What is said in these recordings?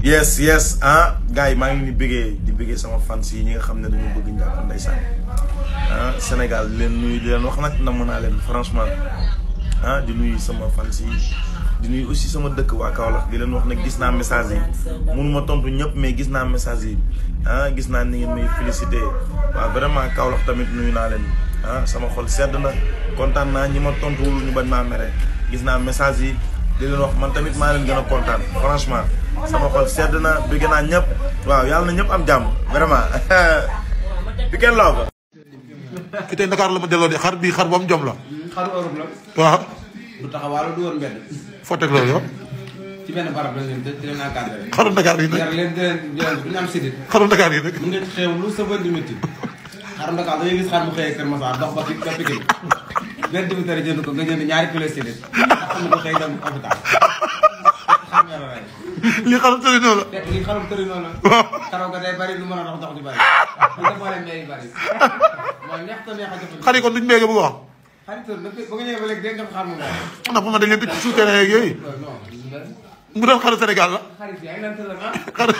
yes yes ah gars yi maa ngi ni bëggee di bëggee sama fan yi ñi nga xam ne dañu bëgg njàpp ndeysaan ah Sénégal di leen nuyu di leen wax nag namm naa leen franchement ah di nuyu sama fans si di nuy aussi sama dëkk waa Kaolack di leen wax nag gis naa message yi mënuma tontu ñëpp mais gis naa message yi ah gis naa ni ngeen may félicité waaw vraiment Kaolack tamit nuyu naa leen ah sama xol sedd na kontaan naa ñi ma tontuwul ñu bañ maa mere gis naa message yi di leen wax man tamit maa leen gën a kontaan franchement sama xol sedd na bëgg naa ñëpp waaw yàlla na ñëpp am jàmm vraiment bi kenn law ko ki tey Dakar la ma delloo de xar bi xar bu am jom la. waaw. foo teg loolu yow. ci bu ñu am sidit. xaru lu sa bënd métti. xaru Dakar da ngay gis xar mu xëyee Kër Masaar dox ba fi ba Pikine benn dimitari jënd ko nga jënd li xalam tëri noonu la. li xalam tëri noonu la. karaw ga day bari lu mën a dox dox di bari. a a ba nga ba léegi dégg nga xam moom la. ndax man dañ leen di ci suutee ak yooyu. mu doon xaru Sénégal la. xarit yaa ngi naan tëral ah. xaru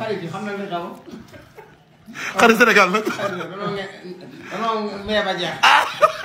xarit yi xam na li xaw. xaru Sénégal nag. xarit ba noonu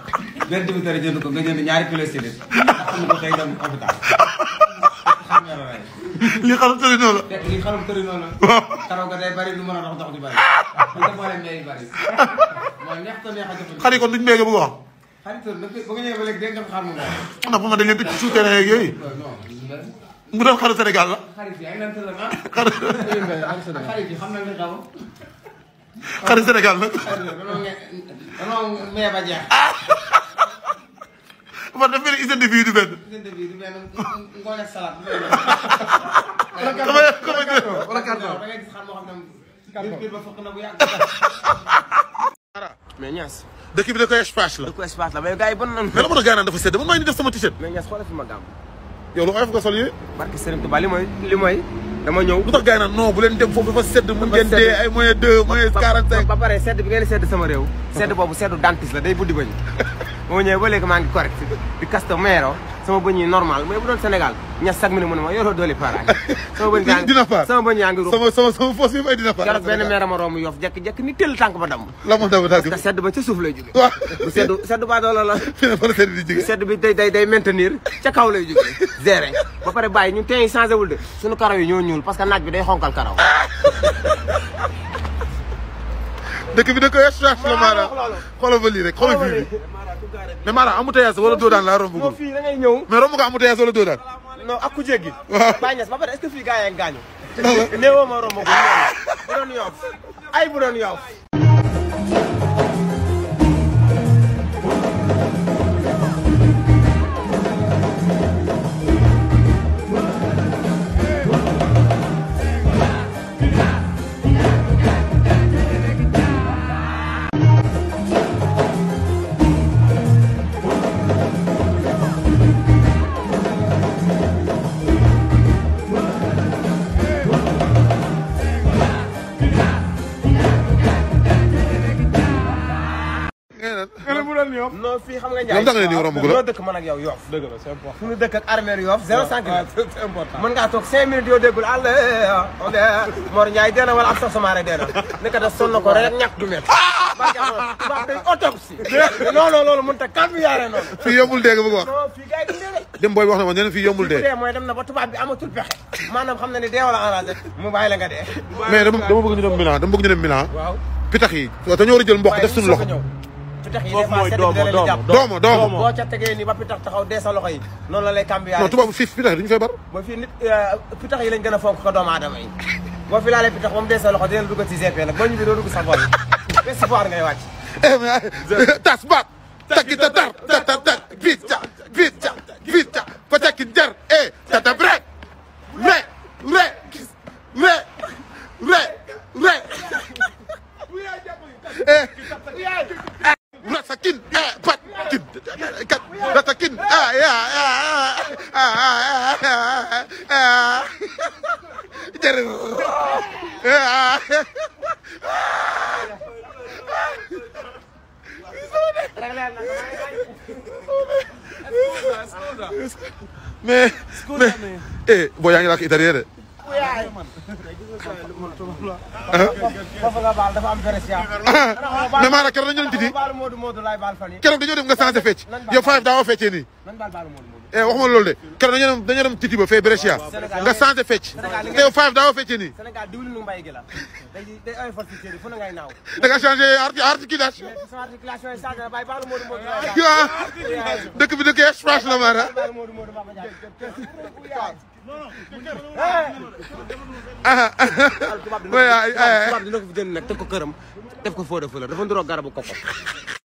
benn bi dara jënd ko nga jënd ñaari kilo sibit ak suñu ko xëy dem hôpital li xarum tëri noonu la li xarum tëri noonu la xaraw ga day bari lu mën a dox dox di bari dafa boole mbéy yi bari mooy neex ko neex a jëf xarit kon duñ mbéy bu wax xarit ba nga ñëwee ba léegi dégg nga xaar mu ndax bu ma dañ leen dëkk suuf terrain yeeg yooyu mu doon xaru Sénégal la xarit yi ay lan tëral na xarit yi xam na li xaw xarit Sénégal nag danoo mee ba jeex man dafa mel ni hygiène de vie du dëkk bi da koy la. da koy espace la mais gars sedd man maa ngi def sama t-shirt. mais Niass xoolal fi ma gàmm. yow lu oyof nga sol yooyu. barke li mooy li mooy. dama ñëw lu tax gars yi naan non bu leen dem foofu dafa sedd. dafa sedd mun ngeen dee ay moyen deux moyen quarante ba pare sedd bi ngeen sedd sama réew. sedd boobu seddu dentiste la day buddi bañ moo ñëwee ba léegi maa ngi correct di Castaméro sama bëñ normal mais bu doon Sénégal ña sag mi ne mu ne ma yoroo doole paaraay sama bëñ yaa ngi dina faar sama bëñ yaa ngi sama sama sama foos yi may dina faar keroog ni tëll tànk ba damm la sedd ba ca suuf lay jóge waaw sedd sedd baa doole la sedd bi day day maintenir ca kaw lay jóge géré ba pare bàyyi ñun teen yi changé wul de suñu karaw yi ñoo ñuul parce que naaj bi day xonkal karaw dëkk bi da koy extraction la maanaam xoolal fa lii rek xoolal fii bi mais maanaam amu tayas wala doo romb ko fii da ngay ñëw mais romb ko amu tayas wala doo daan non ak ku romb ko bu ay bu doon yoof Yoff. non fii xam nga Ndiaye. waaw waaw waaw noo dëkk man ak yow Yoff. dëgg la c'est important fu ñu dëkk ak armée Yoff. waaw waaw c'est important. mën ngaa toog 5 minutes yoo déggul àll Mor Ndiaye dee na wala Absa Soumaré dee na nekk da sonn ko rek ñàkk du métti. barke amoon tubaab day autopsie. non non loolu mënut a kàddu yaare noonu. fii yombul dee nga bëgg wax. non fii gars yi dee dem booy wax na ma nee na fii yombul dee. fii dee mooy dem na ba tubaab bi amatul pexe. maanaam xam na ne dee wala arrangé mu bàyyi la nga dee. mais dama dama bëgg ñu dem Milan dama bëgg ñu dem Milan. waaw pitax yi. waaw dañoo war a jël mboq def suñu loxo tax yi foofu mooy doomu doomu doomu boo ca tegee ni ba pitax taxaw dee sa loxo yi noonu la lay cambiyaale non tubaabu fii pitax dañu fay bar mooy fii nit pitax euh, yi lañ gën a fonk ko doomu aadama yi boo fi laalee pitax ba mu dee sa loxo dina la dugg ci GP nag boo ñëwee doo dugg sa vol bés si foire ngay wàcc eh, ah, tas baat takki ta tar ta ta tar biit ca biit ca biit ca ko takki jar e ta ta mais mais eh boo yaa ngi làkk italien de saay foofu nga baal dafa a version mais maanaam keroog dañu doon didi keroog dañoo dem nga changé fecc yow faaf daawoo feccee nii eh waxuma loolu de keroog dañoo dem dañoo dem titi ba fee Brescia nga changé fecc te yow Five daawoo fecce nii. Sénégal diwlinu mbay gi la. day ay force ci na ngay naaw. da nga changé ah, dëkk bi dëkk espace la mara. ah ah. tubaab dina ko fi jënd nag teg këram def ko foo de fleur dafa garabu koko.